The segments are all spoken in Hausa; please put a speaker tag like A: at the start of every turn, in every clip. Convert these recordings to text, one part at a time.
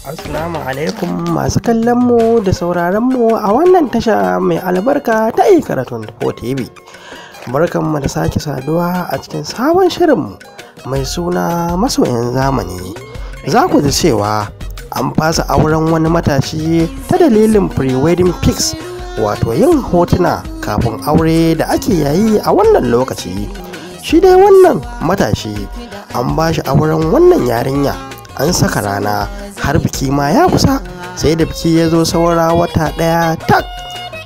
A: Assalamu alaikum masu kallon mu da sauraron mu a wannan tasha mai albarka ta ikaratun ko TV. mu da sake saduwa a cikin sabon shirin mu mai suna masoyan zamani. Za ku ji cewa an fasa auren wani matashi ta dalilin pre-wedding pics wato yin hotuna kafin aure da ake yayi a wannan lokaci. Shi dai wannan matashi an ba shi auren wannan yarinya an saka rana har biki ma ya kusa sai da biki ya zo saura wata ɗaya tak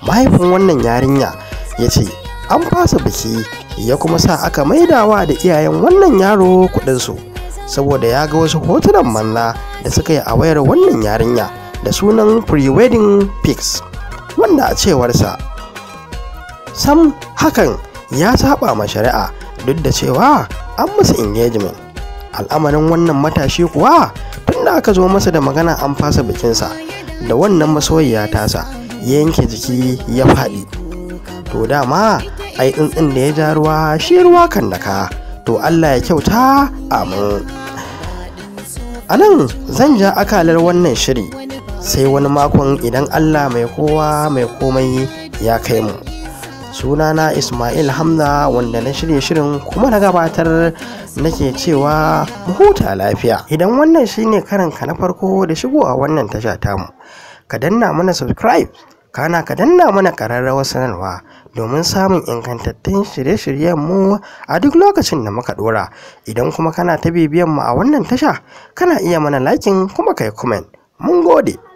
A: mahaifin wannan yarinya ya ce an fasa biki ya kuma sa aka maidawa da iyayen wannan yaro kuɗinsu saboda ya ga wasu hotunan manna da suka yi a wayar wannan yarinya da sunan pre-wedding pics wanda a cewarsa sam hakan ya saba ma shari'a duk da cewa an musu engagement al'amarin wannan matashi kuwa tun da aka zo masa da magana an fasa bikinsa da wannan masoyiya tasa yanke jiki ya faɗi to dama ai tsuntsun da ya ja ruwa shi ruwa kan daka to allah ya kyauta amin a nan zan ja akalar wannan shiri sai wani makon idan allah mai kowa mai komai ya kai mu sunana ismail hamza wanda na shirya shirin kuma na gabatar nake cewa huta lafiya idan wannan shine karanka na farko da shigo a wannan tasha tamu ka danna mana subscribe kana ka danna mana ƙararrawar sanarwa domin samun ingantattun shirye-shiryen mu a duk lokacin da muka dora idan kuma kana ta bibiyan mu a wannan tasha kana iya mana liking kuma kai comment mun gode